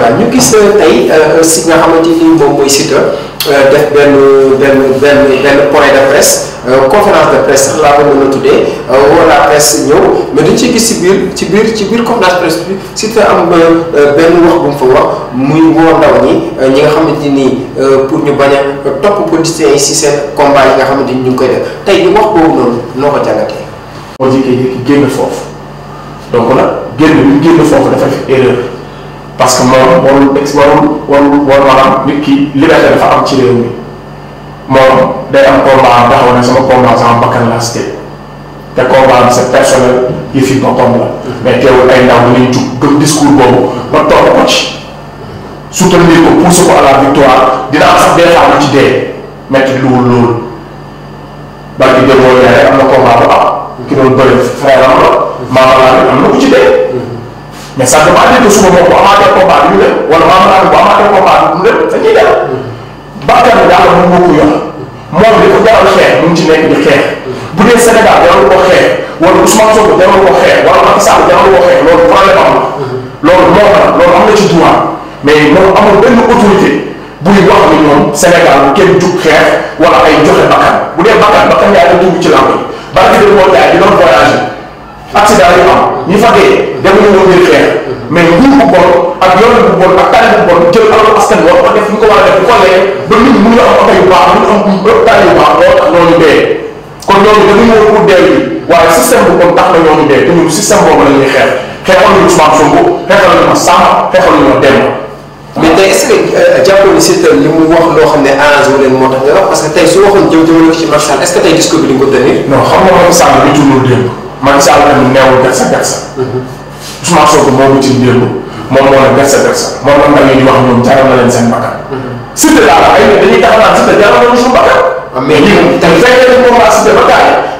waa ñu gis euh, tey euh, si nga xamante ni moom mooy Siteu euh, def benn benn benn benn point de presse conférence de presse sax laa ko mën a tuddee wala presse ñëw mais dañ ci gis ci biir ci biir ci biir conférence de presse bi am benn wax bu mu woo ndaw ñi ñi nga xamante nii pour ñu bañ a topp politiciens yi si seen combat yi nga xamante ni ñu ngi koy def tey ñu wax boobu noonu noo ko jàngatee. moo jëkkee génn foofu donc nag génn bi génn foofu dafa def erreur. parce que moom warul ex warul warul war maanaam nit ki liberté dafa am ci réew mi moom day am combat taxaw ne sama combat sama bakkan laa si te combat bi c'est personnel yi fi boppam la mais teewul ay ndaw dinañ jug gëm discours boobu ba topp ko ci soutenir ko pousser ko à la victoire dina am sax des fois ci dee métti luwul loolu bal bi démoo yaay am na combat bu am ki doon bëri frère am la maama laa am na ku ci dee mais sax damaa dégg suba moom bu amaatee combat bi ñu dem wala maam naa bu amaatee combat bi mu dem dañuy dem bàkkaar bi daal moom moo ko yor moom li ko jaral xeex mu ngi ci nekk di xeex bu dee Sénégal jaral ko xeex wala Ousmane Sonko jaral ko xeex wala Macky Sall jaral ko xeex loolu problème am la loolu moo tax loolu am na ci droit mais moom amul benn autorité buy wax ni ñoom Sénégal bu kenn jug xeex wala ay joxe bakkan bu dee bakkan bakkan yaa ngi dugg ci làmb yi barke de moo jaay di doon accident yu am ñu fa dee demuñu woon ngir xeex mais nguur bu bon ak yoon bu bon ak tali bu bon jël alalu askan war ko def ko war a def ko lee ba nit ñi mënuñu am oto yu baax mënuñu am tali yu baax loolu tax ñooñu dee kon ñooñu dañuy woo pour dee bi waaye système te xeex xeexal nañu Ousmane Sonko xeexal nañu ma Samba xeexal nañu ma Demba mais tey est-ce que euh, jàppoon ni Siteu li mu wax loo xam ne arrangé wu leen moo tax nga wax parce que tey su waxoon jëm jëmale ce que tey discours bi di nga ko tenir Macky Sall tamit neewul gatsa gatsa. Ousmane Sonko moo wutil démb moom moo ne gatsa gatsa moom la ndaw yi a wax ñoom jaral na leen seen bakkan. Siteu daal ay dañuy tax naan Siteu jaral na suñu bakkan. Ah, mais ñun tey fekk nañu combat Siteu ba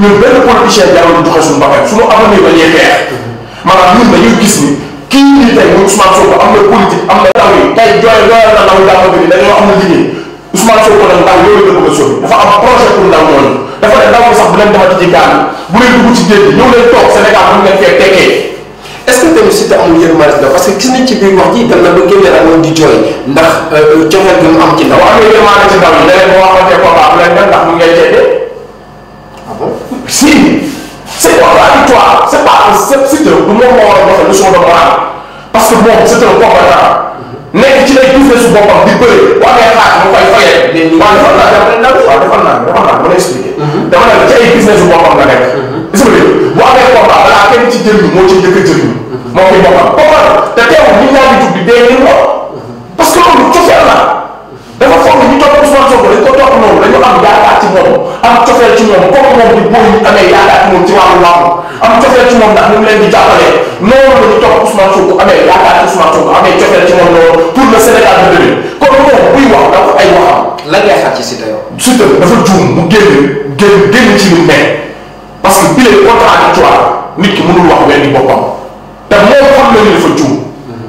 ñun benn politicien jaarul joxe suñu bakkan suñu avenir la ñuy xeex ni kii nii tey muy Ousmane Sonko am na politique am na ndaw yi tey jooy jooyal na ndaw jàmm bi am na liggéey Ousmane Sonko nag ndaw yooyu la bëgg a sori dafa am projet pour ndaw ñooñu dafa ne ndaw sax bu leen defati ci gaal bu leen dugg toog Sénégal bu ngeen fee tekkee est-ce si te amul yërmande la parce que gis nañ ci bi wax ji dem na ba génne ak moom di jooy ndax euh, coxeel gi mu am ci ndaw. waaw yooyu yërmande ci ndaw yi leneen mu ngay teddee si c'est contradictoire c'est pas c'est moom moo war a doxal leçon de morale parce que moom c'est un combattant nekk ci lay duufee su boppam di bëri waa ngay xaar mu koy fayee. waaw defal naa waaw defal naa defal naa dama expliqué. Mhm. dama ne la ci ay business su boppam la nekk. Mhm. gis nga léegi bu amee combat balaa kenn ci jëriñu moo ci njëkk a jëriñu. Mhm. moo koy boppam boppam te teewul ñu ñaari jug bi dee ñu parce que loolu cofeel cofeel ci moom kooku moom di booy a amee yaakaar ci moom ci wàllu làmb am cofeel ci moom ndax ñu ngi leen di jàppale loolu la ñu topp Ousmane Sonko amee yaakaar ci Ousmane Sonko amee cofeel ci moom loolu pour le Sénégal de demain kon moom buy wax dafa ay waxam. lan ngay xaar ci Siteu yow. Siteu dafa juum mu génn génn génn ci lu mel parce que bile contradictoire nit ki mënul wax wenn boppam te moom xam na ni dafa juum.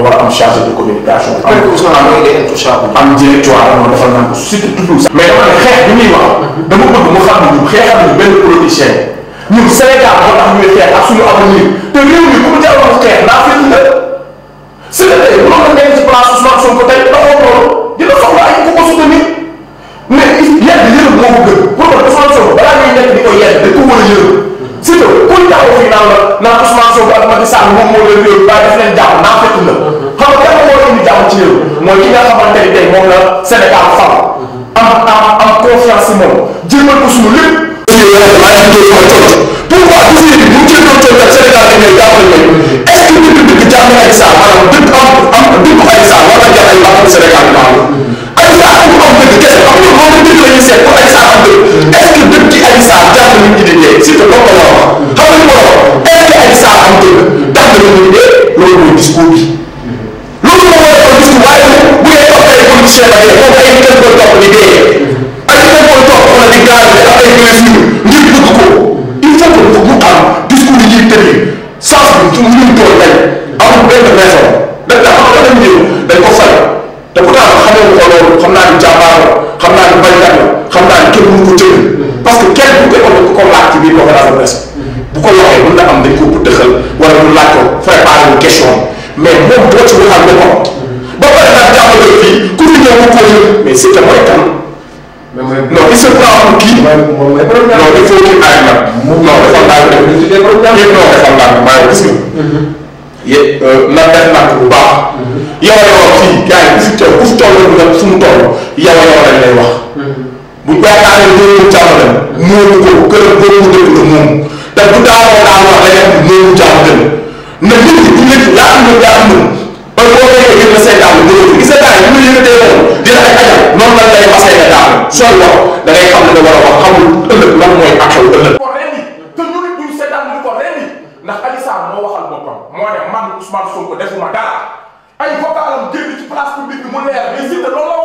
nga war a am chargé de communication. am am directoire moom dafa naan ko surtout toujours sax. mais dama ne xeex bi muy wax. dama bëgg mu xam ne ñun xeexal nañu benn politicien ñun Sénégal moo tax ñuy xeex ak suñu avenir te réew mi bu mu jaay wax xeex naa fekk nga. Sénégal yi mënoon nañu ci place Ousmane Sonko tey taxaw loolu dina soxla ay ku ko soutenir mais yedd yërëm moo ko gën pour que Ousmane Sonko balaa ngay nekk di ko yedd dañ ko war a yërëm surtout kuy taxaw fii naan la naan Ousmane Sonko ak Macky Sall moom moo leen yërëm bàyyi mooy ki xamante ni moom la Sénégal fam am am am si moom jëmmal ko suñu lépp. pourquoi aussi bu ñu jëlee doon tontu Sénégal yi ñooy jàppale ñu est ce que ñu dëkk jàmm ay saal maanaam dëkk am am dëkk ay saal war na jàpp ay Sénégal yu am ay saal bu am dëgg kese am compagnie. Mais c'est un moyen. mais mooy non il se prend pour kii. non il faut kii bàyyi nag. non dafa laaj rek. ñu tuddee programme bi non dafa laaj bàyyi gis nga. yé na def nàkk bu baax. yow yow fii gars yi bu fi toll bu fi toll nag fu mu toll yow yow lañ lay wax. Mm-hmm. bu yaakaaree ñooñu jàmm leen. ñooñu ko gën a góobu dëkk la moom. te bu daawoo daan wax da ngeen ñooñu jàmm leen. na nit ñi bu nit yaa am na yaa am na. ba boo fekkee gën a seetaan la gis nga gars yi bu ñu yëkkatee woon. day a nga daal sooy wax da a xam ne nga war a wax xamul ëllëg lan mooy xew ëllëg. ko rendi te ñu nit duñ seetaan ñu ko rendi ndax Adji Sarr moo waxal boppam moo ne man Ousmane Sonko defuma dara ay vocalam génn ci place publique bi mu leer mais Siteu loolu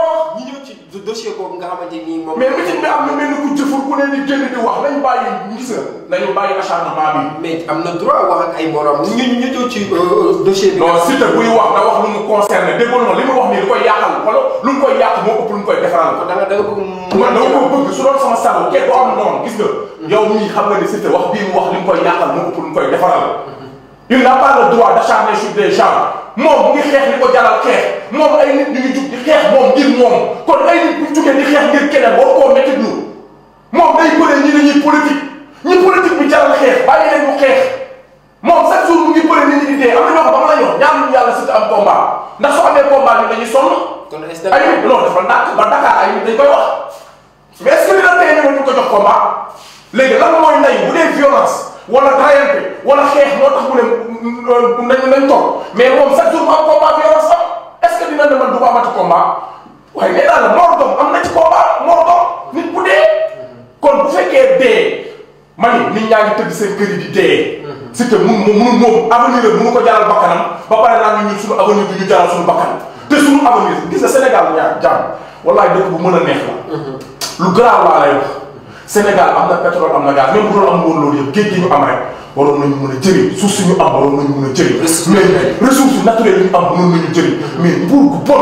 dossier boobu nga xamante ni moom. mais meeting bi am na mel ni ku jëfur ku ne di génn di wax nañ bàyyi gis nga nañu bàyyi acharnement bi. mais am na droit wax ak ay borom ñu ñu ñëw ci euh, euh, dossier bi. non te buy wax da wax lu mu concerné déggoon na li mu wax nii lu koy yàqal xoolal lu mu koy yàq moo ëpp lu mu koy defaral. ko da nga da nga bëgg. man da ko bëgg su doon sama sànq kenn du am noonu gis nga. Mm-hmm. yow mii xam nga ni te wax bii mu wax li mu koy yàqal moo ëpp lu mu koy defaral. Mm-hmm. il n'a pas le droit d'acharner sur des gens moom mu ngi xeex li ko jaral xeex moom ay nit ñu ngi jug di xeex moom ngir moom kon ay nit bu jugee di xeex ngir keneen war koo métti lu moom day bëree ñi dañuy politique ñi politique bi jaral xeex bàyyi leen ñu xeex moom chaque jour mu ngi bëree nit ñi di dee am na ñoo xam ba mu la ñor ñaan yàlla si am combat ndax soo amee combat bi dañuy sonn. kon est ay nit non dafa nàkk ba Dakar ay nit dañ koy wax mais est ce que li la tey ko jox combat léegi lan mooy ndey bu dee violence. wala rayante wala xeex moo tax mu ne nañ nañ toog mais moom chaque jour mu am combat bi yor sax ne man du ko amati combat waaye nee naa la am na ci combat Mor Dom nit bu dee. kon bu fekkee dee man it nit ñaa ngi tëdd seen kër yi di dee. c'est que mun mun moom avenir la mënu ko jaral bakkanam ba pare naa ne ñun suñu avenir bi ñu jaral suñu bakkan te suñu avenir gis nga Sénégal ñaar jàmm wallaay dëkk bu mën a neex la. lu garaaw laa lay Sénégal am na pétrole am na gaz même bu doon am woon loolu yëpp géej gi ñu am rek waroon nañu mën a jëriñ suuf si ñu am waroon nañu mën a jëriñ. mais ressources naturelles yi ñu am mënoon nañu jëriñ mais nguur gu bon.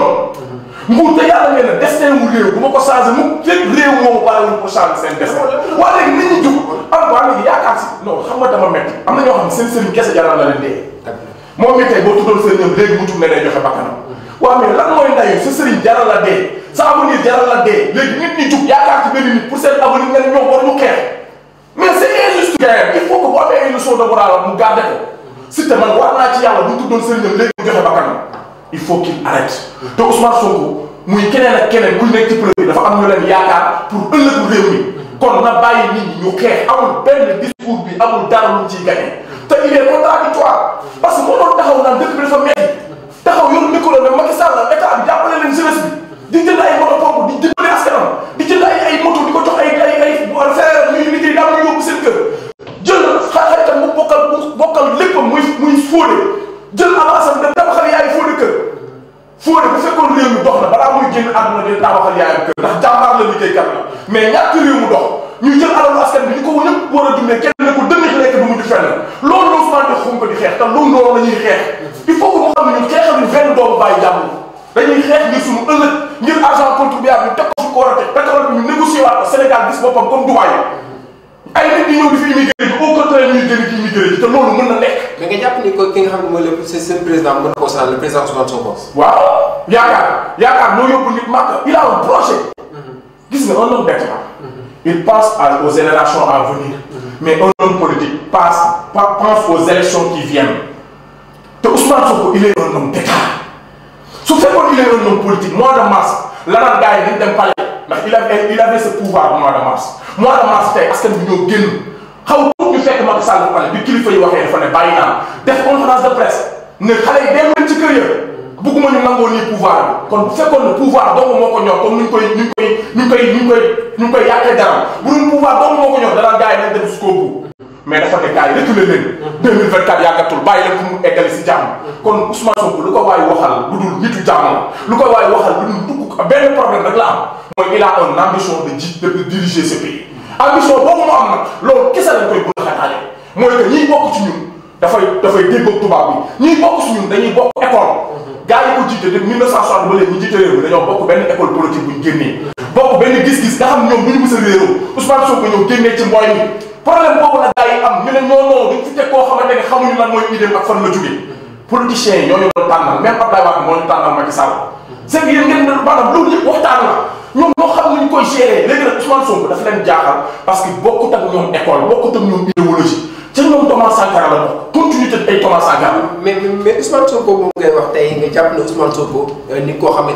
nguur te yàlla mel na destin wu réew bu ma ko changé mu fépp réew moomu bàyyi wu ko changé seen destin. waaye léegi nit ñi jug am waa léegi yaakaar si non xam nga dama métti am na ñoo xam ne seen sëriñ kese jaral na leen dee. moom mi tey boo tuddoon sëriñam léegi mu jug ne day joxe bakkanam mm-hmm. waaw mais lan mooy ndayu sa sëriñ jaral la dee sa avenir jaral la dee léegi nit ñi jug yaakaar ci benn nit pour seen avenir nga ne ñoom war ñu xeex mais c' est injuste. il faut que boo amee une leçon de morale mu garder ko si te man war naa ci yàlla bu ñu tuddoon sëriñam léegi mu joxe bakkanam il faut qu' il arrête te Ousmane Sonko muy keneen ak keneen ku nekk ci problème dafa am ñu leen yaakaar pour ëllëgu réew mi kon na bàyyi nit ñi ñu xeex amul benn discours bi amul dara lu ciy gagné te il est contradictoire parce que moo doon taxaw naan dëkk bi di jënd ay moto pompe di dimbali askanam di jënd ay ay moto di ko jox ay ay kër jël xaritam mu bokkal bokkal léppam muy muy Fodé jël avance am dem tabaxal yaay Fodé kër Fodé bu fekkoon réew mi dox na balaa muy génn àdduna di tabaxal yaayam kër ndax jàmbaar la liggéeykat la mais ñàkk réew mu dox ñu jël alalu askan bi ñu ko ñëpp war a dundee kenn ku dënnu ci nekk du mujj fenn ko di xeex te loolu noonu la ñuy xeex il faut mu xam ne ñun xeexal ñu benn doomu bàyyi jàmm dañuy xeex ngir suñu jël argent contribuable ñu teg ko fu ko war a teg pétrole bi ñu négocier waat ko Sénégal gis boppam comme Dubaï ay nit di ñëw di fi immigré bi au contraire ñuy jëli ci immigré bi te loolu mën na nekk. mais nga jàpp ni ko ki nga xam ne mooy le seen président mën na koo sonal le président Ousmane Sonko. waaw yaakaar yaakaar loo yóbbu nit màkk il a un projet. Mhm. gis nga un homme d'État. Mhm. il pense aux générations à venir. Mhm. mais un homme politique passe pense aux élections qui viennent te Ousmane Sonko il est un homme d'État. su fekkoon il est un homme politique mois de mars la naan gars yi dañ dem palais ndax il avait il avait ce pouvoir mois de mars mois de mars tey fekk Macky Sall bu palais bi kilifa yi waxee dafa ne bàyyi naa def conférence de presse ne xale yi dem leen ci kër ya bugguma ñu nangoo nii fekkoon ne pouvoir dong moo ko ñor comme ñu koy ñu koy ñu koy ñu koy ñu koy yàqee dara bu dul pouvoir dong moo ko ñor mais dafa ne gars yi reculé leen. 2024 yàggatul bàyyi leen pour mu eggali si jàmm. kon Ousmane Sonko lu ko waay waxal lu dul nitu jàmm lu ko waay waxal lu dul dugg benn problème rek la am. mooy il a une ambition de ji de diriger ce pays. ambition boobu mu am nag loolu kese lañ koy bëgg a xataale mooy que ñiy bokk ci ñun dafay dafay déggoog tubaab bi ñiy bokk ci ñun dañuy bokk école. gars yi ko jiite depuis 1960 ba léegi ñu jiite réew mi dañoo bokk benn école politique bu ñu génnee. bokk benn gis-gis nga xam ñoom bu ñu mës a réeroo Ousmane Sonko ñëw génnee ci mbooy mi problème boobu la gars yi am ñu ne ñoo noonu duñ fi teg koo xamante ne xamuñu lan mooy idée ak fan la jógee politiciens yi ñoo ñu doon tànnal même Abdoulaye Wade moo ñu tànnal Macky Sall c'est que yéen ngeen ne maanaam loolu yëpp waxtaan la ñoom ñoo xam nuñ koy gérer léegi nag Ousmane Sonko dafa leen jaaxal parce que bokkut ak ñoom école bokkut ak ñoom idéologie te ñoom Thomas Sankara la bokk continuité ay Thomas Sankara mais mais Ousmane Sonko moom ngay wax tey nga jàpp ne Ousmane Sonko euh,